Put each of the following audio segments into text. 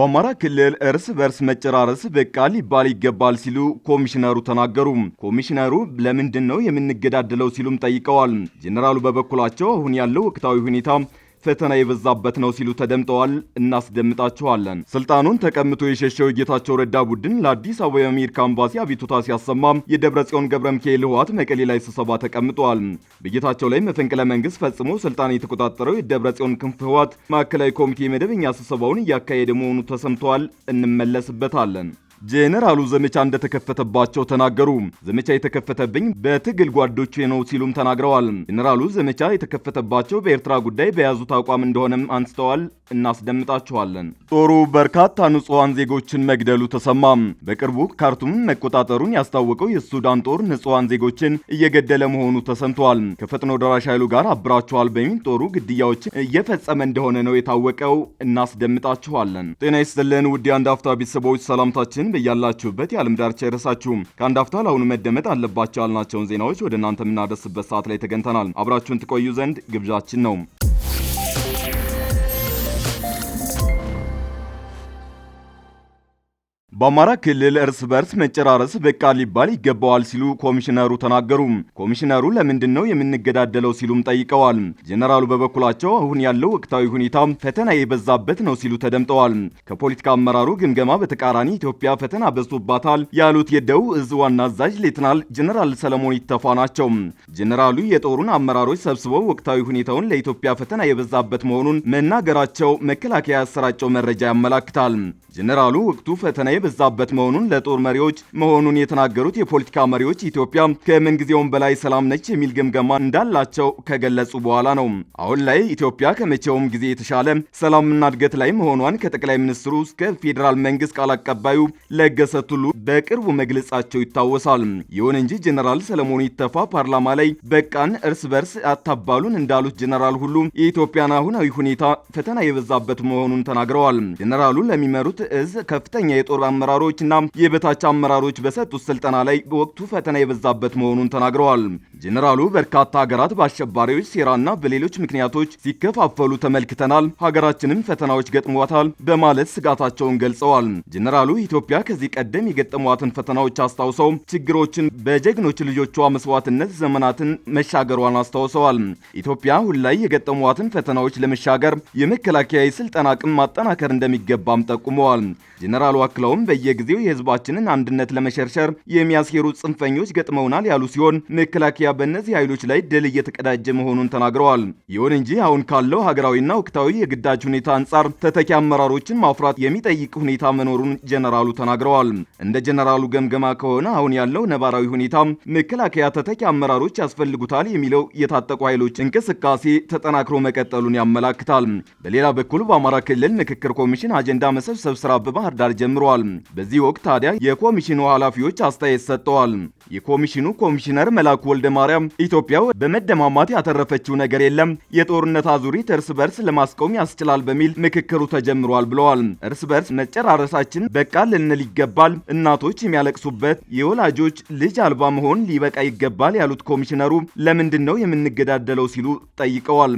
በአማራ ክልል እርስ በርስ መጨራረስ በቃ ሊባል ይገባል ሲሉ ኮሚሽነሩ ተናገሩ። ኮሚሽነሩ ለምንድን ነው የምንገዳደለው ሲሉም ጠይቀዋል። ጄኔራሉ በበኩላቸው አሁን ያለው ወቅታዊ ሁኔታ ፈተና የበዛበት ነው ሲሉ ተደምጠዋል። እናስደምጣቸዋለን። ስልጣኑን ተቀምቶ የሸሸው የጌታቸው ረዳ ቡድን ለአዲስ አበባ የአሜሪካ አምባሲ አቤቱታ ሲያሰማ የደብረ ጽዮን ገብረ ሚካኤል ህወሓት መቀሌ ላይ ስብሰባ ተቀምጠዋል። በጌታቸው ላይ መፈንቅለ መንግስት ፈጽሞ ስልጣን የተቆጣጠረው የደብረ ጽዮን ክንፍ ህወሓት ማዕከላዊ ኮሚቴ መደበኛ ስብሰባውን እያካሄደ መሆኑ ተሰምተዋል። እንመለስበታለን። ጄኔራሉ ዘመቻ እንደተከፈተባቸው ተናገሩ። ዘመቻ የተከፈተብኝ በትግል ጓዶቼ ነው ሲሉም ተናግረዋል። ጄኔራሉ ዘመቻ የተከፈተባቸው በኤርትራ ጉዳይ በያዙት አቋም እንደሆነም አንስተዋል። እናስደምጣቸዋለን። ጦሩ በርካታ ንጹሐን ዜጎችን መግደሉ ተሰማ። በቅርቡ ካርቱም መቆጣጠሩን ያስታወቀው የሱዳን ጦር ንጹሐን ዜጎችን እየገደለ መሆኑ ተሰምተዋል። ከፈጥኖ ደራሽ ኃይሉ ጋር አብራቸዋል በሚል ጦሩ ግድያዎችን እየፈጸመ እንደሆነ ነው የታወቀው። እናስደምጣችኋለን። ጤና ይስጥልን ውድ የአንድ አፍታ ቤተሰቦች ሰላምታችን ዜናዎችን በያላችሁበት የዓለም ዳርቻ አይረሳችሁም። ከአንድ አፍታ ለአሁኑ መደመጥ አለባቸው ያልናቸውን ዜናዎች ወደ እናንተ የምናደርስበት ሰዓት ላይ ተገኝተናል። አብራችሁን ትቆዩ ዘንድ ግብዣችን ነው። በአማራ ክልል እርስ በርስ መጨራረስ በቃ ሊባል ይገባዋል ሲሉ ኮሚሽነሩ ተናገሩ። ኮሚሽነሩ ለምንድን ነው የምንገዳደለው ሲሉም ጠይቀዋል። ጀነራሉ በበኩላቸው አሁን ያለው ወቅታዊ ሁኔታ ፈተና የበዛበት ነው ሲሉ ተደምጠዋል። ከፖለቲካ አመራሩ ግምገማ በተቃራኒ ኢትዮጵያ ፈተና በዝቶባታል ያሉት የደቡብ እዝ ዋና አዛዥ ሌትናል ጀነራል ሰለሞን ይተፋ ናቸው። ጀነራሉ የጦሩን አመራሮች ሰብስበው ወቅታዊ ሁኔታውን ለኢትዮጵያ ፈተና የበዛበት መሆኑን መናገራቸው መከላከያ ያሰራጨው መረጃ ያመላክታል። ጀነራሉ ወቅቱ ፈተና የበዛበት መሆኑን ለጦር መሪዎች መሆኑን የተናገሩት የፖለቲካ መሪዎች ኢትዮጵያ ከምንጊዜውም በላይ ሰላም ነች የሚል ግምገማ እንዳላቸው ከገለጹ በኋላ ነው። አሁን ላይ ኢትዮጵያ ከመቼውም ጊዜ የተሻለ ሰላምና እድገት ላይ መሆኗን ከጠቅላይ ሚኒስትሩ እስከ ፌዴራል መንግስት ቃል አቀባዩ ለገሰ ቱሉ በቅርቡ መግለጻቸው ይታወሳል። ይሁን እንጂ ጀኔራል ሰለሞኑ ይተፋ ፓርላማ ላይ በቃን እርስ በርስ አታባሉን እንዳሉት ጀኔራል ሁሉ የኢትዮጵያን አሁናዊ ሁኔታ ፈተና የበዛበት መሆኑን ተናግረዋል። ጀነራሉ ለሚመሩት እዝ ከፍተኛ የጦር እና የበታች አመራሮች በሰጡት ስልጠና ላይ በወቅቱ ፈተና የበዛበት መሆኑን ተናግረዋል። ጄኔራሉ በርካታ ሀገራት በአሸባሪዎች ሴራና በሌሎች ምክንያቶች ሲከፋፈሉ ተመልክተናል፣ ሀገራችንም ፈተናዎች ገጥሟታል በማለት ስጋታቸውን ገልጸዋል። ጄኔራሉ ኢትዮጵያ ከዚህ ቀደም የገጠሟትን ፈተናዎች አስታውሰው ችግሮችን በጀግኖች ልጆቿ መስዋዕትነት ዘመናትን መሻገሯን አስታውሰዋል። ኢትዮጵያ አሁን ላይ የገጠሟትን ፈተናዎች ለመሻገር የመከላከያ የስልጠና አቅም ማጠናከር እንደሚገባም ጠቁመዋል። ጄኔራሉ አክለውም ሆኖም በየጊዜው የህዝባችንን አንድነት ለመሸርሸር የሚያስሄሩ ጽንፈኞች ገጥመውናል ያሉ ሲሆን መከላከያ በእነዚህ ኃይሎች ላይ ድል እየተቀዳጀ መሆኑን ተናግረዋል። ይሁን እንጂ አሁን ካለው ሀገራዊና ወቅታዊ የግዳጅ ሁኔታ አንጻር ተተኪ አመራሮችን ማፍራት የሚጠይቅ ሁኔታ መኖሩን ጀነራሉ ተናግረዋል። እንደ ጀነራሉ ገምገማ ከሆነ አሁን ያለው ነባራዊ ሁኔታ መከላከያ ተተኪ አመራሮች ያስፈልጉታል የሚለው የታጠቁ ኃይሎች እንቅስቃሴ ተጠናክሮ መቀጠሉን ያመላክታል። በሌላ በኩል በአማራ ክልል ምክክር ኮሚሽን አጀንዳ መሰብሰብ ስራ በባህር ዳር ጀምረዋል። በዚህ ወቅት ታዲያ የኮሚሽኑ ኃላፊዎች አስተያየት ሰጥተዋል። የኮሚሽኑ ኮሚሽነር መላኩ ወልደ ማርያም ኢትዮጵያ በመደማማት ያተረፈችው ነገር የለም፣ የጦርነት አዙሪት እርስ በርስ ለማስቆም ያስችላል በሚል ምክክሩ ተጀምሯል ብለዋል። እርስ በርስ መጨራረሳችን በቃ ልንል ይገባል፣ እናቶች የሚያለቅሱበት የወላጆች ልጅ አልባ መሆን ሊበቃ ይገባል ያሉት ኮሚሽነሩ ለምንድን ነው የምንገዳደለው ሲሉ ጠይቀዋል።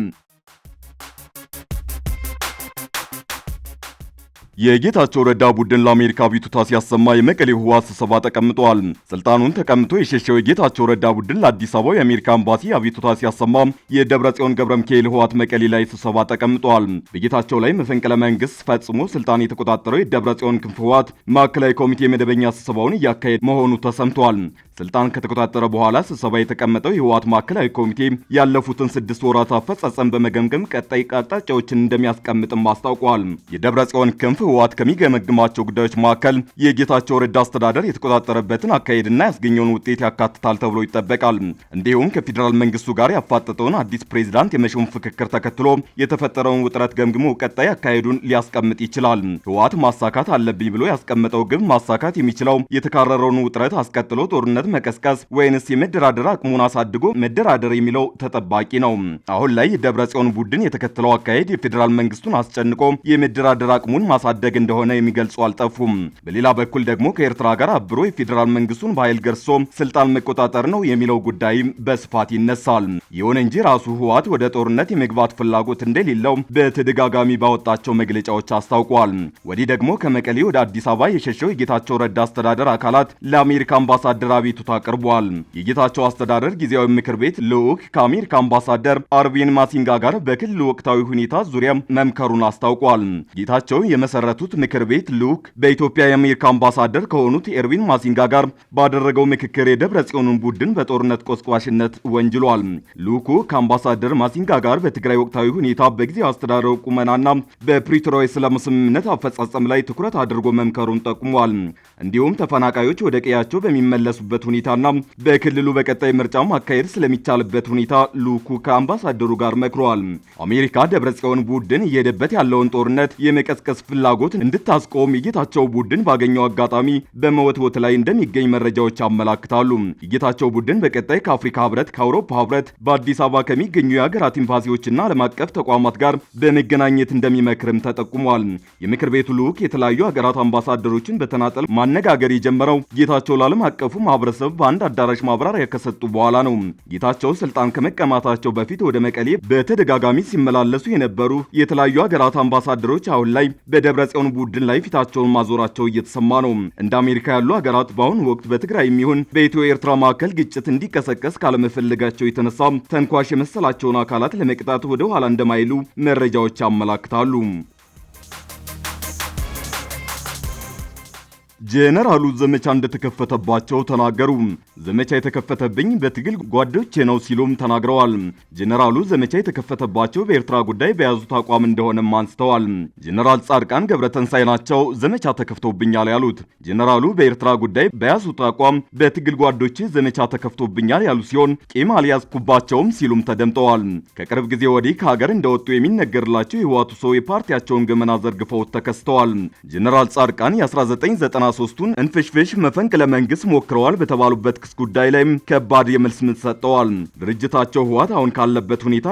የጌታቸው ረዳ ቡድን ለአሜሪካ አቤቱታ ሲያሰማ የመቀሌ ህወሓት ስብሰባ ተቀምጧል። ስልጣኑን ተቀምጦ የሸሸው የጌታቸው ረዳ ቡድን ለአዲስ አበባ የአሜሪካ ኤምባሲ አቤቱታ ሲያሰማ የደብረጽዮን ገብረ ሚካኤል ህወሓት መቀሌ ላይ ስብሰባ ተቀምጧል። በጌታቸው ላይ መፈንቅለ መንግስት ፈጽሞ ስልጣን የተቆጣጠረው የደብረጽዮን ክንፍ ህወሓት ማዕከላዊ ኮሚቴ መደበኛ ስብሰባውን እያካሄደ መሆኑ ተሰምቷል። ስልጣን ከተቆጣጠረ በኋላ ስብሰባ የተቀመጠው የህወሓት ማዕከላዊ ኮሚቴ ያለፉትን ስድስት ወራት አፈጻጸም በመገምገም ቀጣይ አቅጣጫዎችን እንደሚያስቀምጥም አስታውቋል። የደብረጽዮን ክንፍ ህወሓት ከሚገመግማቸው ጉዳዮች መካከል የጌታቸው ረዳ አስተዳደር የተቆጣጠረበትን አካሄድና ያስገኘውን ውጤት ያካትታል ተብሎ ይጠበቃል። እንዲሁም ከፌዴራል መንግስቱ ጋር ያፋጠጠውን አዲስ ፕሬዚዳንት የመሾም ፍክክር ተከትሎ የተፈጠረውን ውጥረት ገምግሞ ቀጣይ አካሄዱን ሊያስቀምጥ ይችላል። ህወሓት ማሳካት አለብኝ ብሎ ያስቀመጠው ግብ ማሳካት የሚችለው የተካረረውን ውጥረት አስቀጥሎ ጦርነት መቀስቀስ ወይንስ የመደራደር አቅሙን አሳድጎ መደራደር የሚለው ተጠባቂ ነው። አሁን ላይ የደብረ ጽዮን ቡድን የተከተለው አካሄድ የፌዴራል መንግስቱን አስጨንቆ የመደራደር አቅሙን ማሳ ማሳደግ እንደሆነ የሚገልጹ አልጠፉም። በሌላ በኩል ደግሞ ከኤርትራ ጋር አብሮ የፌዴራል መንግስቱን በኃይል ገርሶ ስልጣን መቆጣጠር ነው የሚለው ጉዳይም በስፋት ይነሳል። ይሁን እንጂ ራሱ ህወሓት ወደ ጦርነት የመግባት ፍላጎት እንደሌለው በተደጋጋሚ ባወጣቸው መግለጫዎች አስታውቋል። ወዲህ ደግሞ ከመቀሌ ወደ አዲስ አበባ የሸሸው የጌታቸው ረዳ አስተዳደር አካላት ለአሜሪካ አምባሳደር አቤቱታ አቅርቧል። የጌታቸው አስተዳደር ጊዜያዊ ምክር ቤት ልዑክ ከአሜሪካ አምባሳደር አርቪን ማሲንጋ ጋር በክልል ወቅታዊ ሁኔታ ዙሪያ መምከሩን አስታውቋል። ጌታቸው የመሰረ የተመረጡት ምክር ቤት ልዑክ በኢትዮጵያ የአሜሪካ አምባሳደር ከሆኑት ኤርዊን ማሲንጋ ጋር ባደረገው ምክክር የደብረ ጽዮኑን ቡድን በጦርነት ቆስቋሽነት ወንጅሏል። ልዑኩ ከአምባሳደር ማሲንጋ ጋር በትግራይ ወቅታዊ ሁኔታ፣ በጊዜ አስተዳደሩ ቁመናና በፕሪቶሪያ የሰላም ስምምነት አፈጻጸም ላይ ትኩረት አድርጎ መምከሩን ጠቁሟል። እንዲሁም ተፈናቃዮች ወደ ቀያቸው በሚመለሱበት ሁኔታና በክልሉ በቀጣይ ምርጫ ማካሄድ ስለሚቻልበት ሁኔታ ልዑኩ ከአምባሳደሩ ጋር መክረዋል። አሜሪካ ደብረ ጽዮን ቡድን እየሄደበት ያለውን ጦርነት የመቀስቀስ ፍላ ፍላጎት እንድታስቆም የጌታቸው ቡድን ባገኘው አጋጣሚ በመወትወት ላይ እንደሚገኝ መረጃዎች አመላክታሉ። የጌታቸው ቡድን በቀጣይ ከአፍሪካ ህብረት፣ ከአውሮፓ ህብረት፣ በአዲስ አበባ ከሚገኙ የሀገራት ኤምባሲዎችና ዓለም አቀፍ ተቋማት ጋር በመገናኘት እንደሚመክርም ተጠቁሟል። የምክር ቤቱ ልዑክ የተለያዩ ሀገራት አምባሳደሮችን በተናጠል ማነጋገር የጀመረው ጌታቸው ለዓለም አቀፉ ማህበረሰብ በአንድ አዳራሽ ማብራሪያ ከሰጡ በኋላ ነው። ጌታቸው ስልጣን ከመቀማታቸው በፊት ወደ መቀሌ በተደጋጋሚ ሲመላለሱ የነበሩ የተለያዩ ሀገራት አምባሳደሮች አሁን ላይ በደብረ ጽዮን ቡድን ላይ ፊታቸውን ማዞራቸው እየተሰማ ነው። እንደ አሜሪካ ያሉ ሀገራት በአሁኑ ወቅት በትግራይ የሚሆን በኢትዮ ኤርትራ መካከል ግጭት እንዲቀሰቀስ ካለመፈለጋቸው የተነሳ ተንኳሽ የመሰላቸውን አካላት ለመቅጣት ወደ ኋላ እንደማይሉ መረጃዎች ያመላክታሉ። ጄኔራሉ ዘመቻ እንደተከፈተባቸው ተናገሩ። ዘመቻ የተከፈተብኝ በትግል ጓዶቼ ነው ሲሉም ተናግረዋል። ጄኔራሉ ዘመቻ የተከፈተባቸው በኤርትራ ጉዳይ በያዙት አቋም እንደሆነም አንስተዋል። ጄኔራል ጻድቃን ገብረተንሳይ ናቸው ዘመቻ ተከፍቶብኛል ያሉት። ጄኔራሉ በኤርትራ ጉዳይ በያዙት አቋም በትግል ጓዶቼ ዘመቻ ተከፍቶብኛል ያሉ ሲሆን ቂም አልያዝኩባቸውም ሲሉም ተደምጠዋል። ከቅርብ ጊዜ ወዲህ ከሀገር እንደወጡ የሚነገርላቸው የህዋቱ ሰው የፓርቲያቸውን ገመና ዘርግፈው ተከስተዋል። ጄኔራል ጻድቃን የ1990 13ቱን እንፍሽፍሽ መፈንቅለ መንግስት ሞክረዋል በተባሉበት ክስ ጉዳይ ላይ ከባድ የመልስ ምት ድርጅታቸው ህዋት አሁን ካለበት ሁኔታ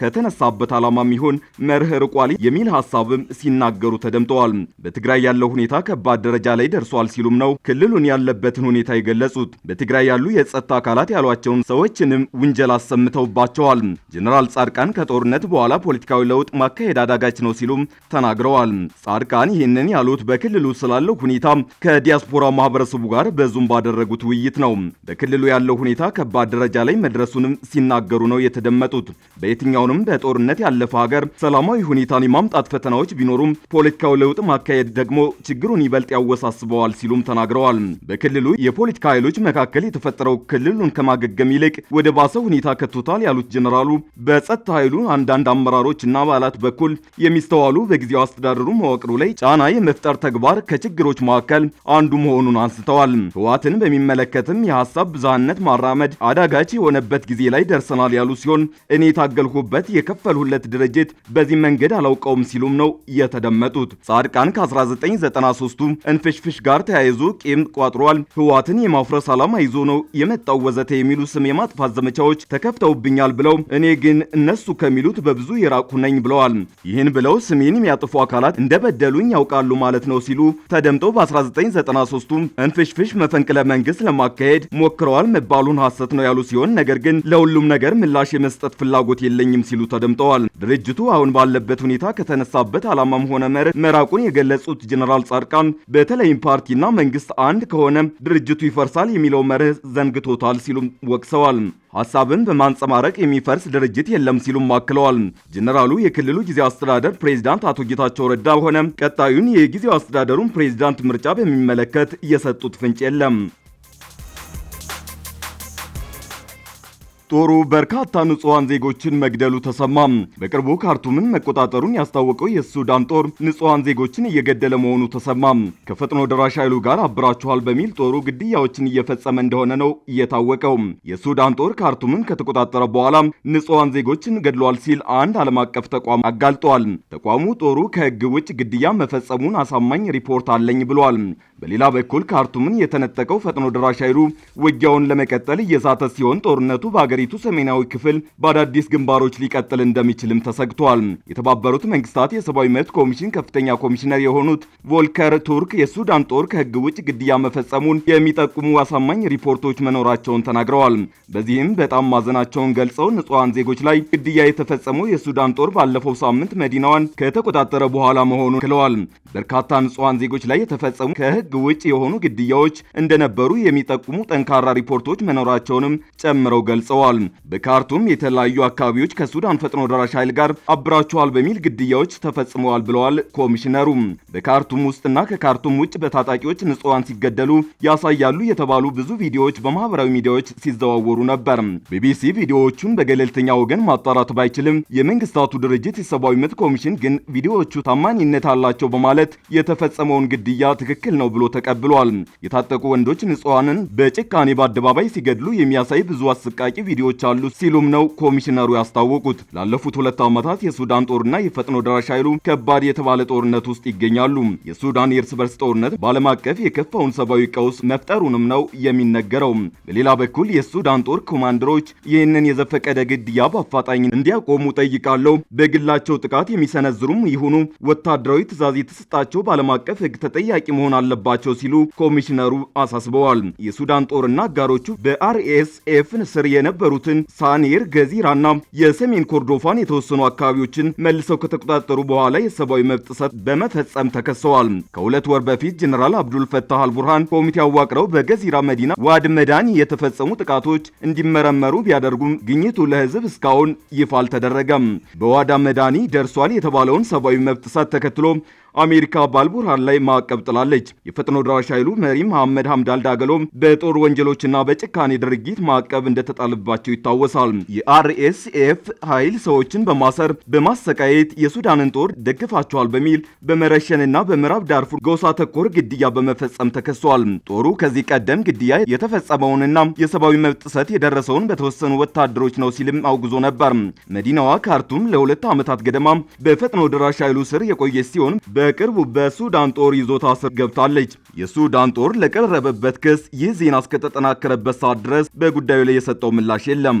ከተነሳበት ዓላማ የሚሆን መርህ ርቋል የሚል ሀሳብም ሲናገሩ ተደምጠዋል። በትግራይ ያለው ሁኔታ ከባድ ደረጃ ላይ ደርሷል ሲሉም ነው ክልሉን ያለበትን ሁኔታ የገለጹት። በትግራይ ያሉ የጸጥታ አካላት ያሏቸውን ሰዎችንም ውንጀል አሰምተውባቸዋል። ጀኔራል ጻድቃን ከጦርነት በኋላ ፖለቲካዊ ለውጥ ማካሄድ አዳጋች ነው ሲሉም ተናግረዋል። ጻድቃን ይህንን ያሉት በክልሉ ስላለው ሁኔታ ከዲያስፖራ ማህበረሰቡ ጋር በዙም ባደረጉት ውይይት ነው። በክልሉ ያለው ሁኔታ ከባድ ደረጃ ላይ መድረሱንም ሲናገሩ ነው የተደመጡት። በየትኛውንም በጦርነት ያለፈ ሀገር ሰላማዊ ሁኔታን የማምጣት ፈተናዎች ቢኖሩም ፖለቲካው ለውጥ ማካሄድ ደግሞ ችግሩን ይበልጥ ያወሳስበዋል ሲሉም ተናግረዋል። በክልሉ የፖለቲካ ኃይሎች መካከል የተፈጠረው ክልሉን ከማገገም ይልቅ ወደ ባሰ ሁኔታ ከቶታል ያሉት ጀኔራሉ በጸጥታ ኃይሉ አንዳንድ አመራሮች እና አባላት በኩል የሚስተዋሉ በጊዜው አስተዳደሩ መዋቅሩ ላይ ጫና የመፍጠር ተግባር ከችግሮች መካከል አንዱ መሆኑን አንስተዋል። ህወሓትን በሚመለከትም የሀሳብ ብዝሃነት ማራመድ አዳጋች የሆነበት ጊዜ ላይ ደርሰናል ያሉ ሲሆን እኔ የታገልሁበት የከፈልሁለት ድርጅት በዚህ መንገድ አላውቀውም ሲሉም ነው የተደመጡት። ጻድቃን ከ1993ቱ እንፍሽፍሽ ጋር ተያይዞ ቂም ቋጥሯል፣ ህወሓትን የማፍረስ ዓላማ ይዞ ነው የመጣው ወዘተ የሚሉ ስም የማጥፋት ዘመቻዎች ተከፍተውብኛል ብለው እኔ ግን እነሱ ከሚሉት በብዙ የራቁ ነኝ ብለዋል። ይህን ብለው ስሜን የሚያጥፉ አካላት እንደበደሉኝ ያውቃሉ ማለት ነው ሲሉ ተደምጠው በ 1993 ቱም እንፍሽፍሽ መፈንቅለ መንግስት ለማካሄድ ሞክረዋል መባሉን ሐሰት ነው ያሉ ሲሆን ነገር ግን ለሁሉም ነገር ምላሽ የመስጠት ፍላጎት የለኝም ሲሉ ተደምጠዋል። ድርጅቱ አሁን ባለበት ሁኔታ ከተነሳበት ዓላማም ሆነ መራቁን የገለጹት ጀነራል ጻድቃን በተለይም ፓርቲና መንግስት አንድ ከሆነ ድርጅቱ ይፈርሳል የሚለው መርህ ዘንግቶታል ሲሉም ወቅሰዋል። ሀሳብን በማንጸባረቅ የሚፈርስ ድርጅት የለም ሲሉም አክለዋል። ጀነራሉ የክልሉ ጊዜያዊ አስተዳደር ፕሬዚዳንት አቶ ጌታቸው ረዳ ሆነ ቀጣዩን የጊዜያዊ አስተዳደሩን ፕሬዚዳንት ምርጫ በሚመለከት የሰጡት ፍንጭ የለም። ጦሩ በርካታ ንጹሐን ዜጎችን መግደሉ ተሰማ። በቅርቡ ካርቱምን መቆጣጠሩን ያስታወቀው የሱዳን ጦር ንጹሐን ዜጎችን እየገደለ መሆኑ ተሰማ። ከፈጥኖ ደራሽ ኃይሉ ጋር አብራችኋል በሚል ጦሩ ግድያዎችን እየፈጸመ እንደሆነ ነው እየታወቀው። የሱዳን ጦር ካርቱምን ከተቆጣጠረ በኋላ ንጹሐን ዜጎችን ገድሏል ሲል አንድ ዓለም አቀፍ ተቋም አጋልጧል። ተቋሙ ጦሩ ከህግ ውጭ ግድያ መፈጸሙን አሳማኝ ሪፖርት አለኝ ብሏል። በሌላ በኩል ካርቱምን የተነጠቀው ፈጥኖ ደራሽ ኃይሉ ውጊያውን ለመቀጠል እየሳተ ሲሆን ጦርነቱ በአገሪቱ ሰሜናዊ ክፍል በአዳዲስ ግንባሮች ሊቀጥል እንደሚችልም ተሰግቷል። የተባበሩት መንግስታት የሰብአዊ መብት ኮሚሽን ከፍተኛ ኮሚሽነር የሆኑት ቮልከር ቱርክ የሱዳን ጦር ከህግ ውጭ ግድያ መፈጸሙን የሚጠቁሙ አሳማኝ ሪፖርቶች መኖራቸውን ተናግረዋል። በዚህም በጣም ማዘናቸውን ገልጸው ንጹሐን ዜጎች ላይ ግድያ የተፈጸመው የሱዳን ጦር ባለፈው ሳምንት መዲናዋን ከተቆጣጠረ በኋላ መሆኑን ክለዋል። በርካታ ንጹሐን ዜጎች ላይ የተፈጸሙ ከህግ ህግ ውጭ የሆኑ ግድያዎች እንደነበሩ የሚጠቁሙ ጠንካራ ሪፖርቶች መኖራቸውንም ጨምረው ገልጸዋል። በካርቱም የተለያዩ አካባቢዎች ከሱዳን ፈጥኖ ደራሽ ኃይል ጋር አብራቸዋል በሚል ግድያዎች ተፈጽመዋል ብለዋል ኮሚሽነሩ። በካርቱም ውስጥና ከካርቱም ውጭ በታጣቂዎች ንጹሃን ሲገደሉ ያሳያሉ የተባሉ ብዙ ቪዲዮዎች በማህበራዊ ሚዲያዎች ሲዘዋወሩ ነበር። ቢቢሲ ቪዲዮዎቹን በገለልተኛ ወገን ማጣራት ባይችልም የመንግስታቱ ድርጅት የሰብአዊ መብት ኮሚሽን ግን ቪዲዮዎቹ ታማኝነት አላቸው በማለት የተፈጸመውን ግድያ ትክክል ነው ብሎ ተቀብሏል። የታጠቁ ወንዶች ንጹሐንን በጭካኔ በአደባባይ ሲገድሉ የሚያሳይ ብዙ አሰቃቂ ቪዲዮዎች አሉ ሲሉም ነው ኮሚሽነሩ ያስታወቁት። ላለፉት ሁለት ዓመታት የሱዳን ጦርና የፈጥኖ ደራሽ ኃይሉ ከባድ የተባለ ጦርነት ውስጥ ይገኛሉ። የሱዳን የእርስ በርስ ጦርነት በዓለም አቀፍ የከፋውን ሰብአዊ ቀውስ መፍጠሩንም ነው የሚነገረው። በሌላ በኩል የሱዳን ጦር ኮማንደሮች ይህንን የዘፈቀደ ግድያ በአፋጣኝ እንዲያቆሙ ጠይቃለሁ። በግላቸው ጥቃት የሚሰነዝሩም ይሁኑ ወታደራዊ ትዕዛዝ የተሰጣቸው በዓለም አቀፍ ሕግ ተጠያቂ መሆን አለባቸው አለባቸው ሲሉ ኮሚሽነሩ አሳስበዋል። የሱዳን ጦርና አጋሮቹ በአርኤስኤፍ ስር የነበሩትን ሳኒር ገዚራና የሰሜን ኮርዶፋን የተወሰኑ አካባቢዎችን መልሰው ከተቆጣጠሩ በኋላ የሰብአዊ መብት ጥሰት በመፈጸም ተከሰዋል። ከሁለት ወር በፊት ጀኔራል አብዱል ፈታህ አልቡርሃን ኮሚቴ አዋቅረው በገዚራ መዲና ዋድ መዳኒ የተፈጸሙ ጥቃቶች እንዲመረመሩ ቢያደርጉም ግኝቱ ለህዝብ እስካሁን ይፋ አልተደረገም። በዋዳ መዳኒ ደርሷል የተባለውን ሰብአዊ መብት ጥሰት ተከትሎ አሜሪካ ባልቡርሃን ላይ ማዕቀብ ጥላለች። የፈጥኖ ድራሽ ኃይሉ መሪ መሐመድ ሐምዳል ዳገሎም በጦር ወንጀሎችና በጭካኔ ድርጊት ማዕቀብ እንደተጣለባቸው ይታወሳል። የአርኤስኤፍ ኃይል ሰዎችን በማሰር በማሰቃየት የሱዳንን ጦር ደግፋቸዋል በሚል በመረሸንና በምዕራብ ዳርፉር ጎሳ ተኮር ግድያ በመፈጸም ተከሷል። ጦሩ ከዚህ ቀደም ግድያ የተፈጸመውንና የሰብአዊ መብት ጥሰት የደረሰውን በተወሰኑ ወታደሮች ነው ሲልም አውግዞ ነበር። መዲናዋ ካርቱም ለሁለት ዓመታት ገደማ በፈጥኖ ድራሽ ኃይሉ ስር የቆየች ሲሆን በ በቅርቡ በሱዳን ጦር ይዞታ ስር ገብታለች። የሱዳን ጦር ለቀረበበት ክስ ይህ ዜና እስከተጠናከረበት ሰዓት ድረስ በጉዳዩ ላይ የሰጠው ምላሽ የለም።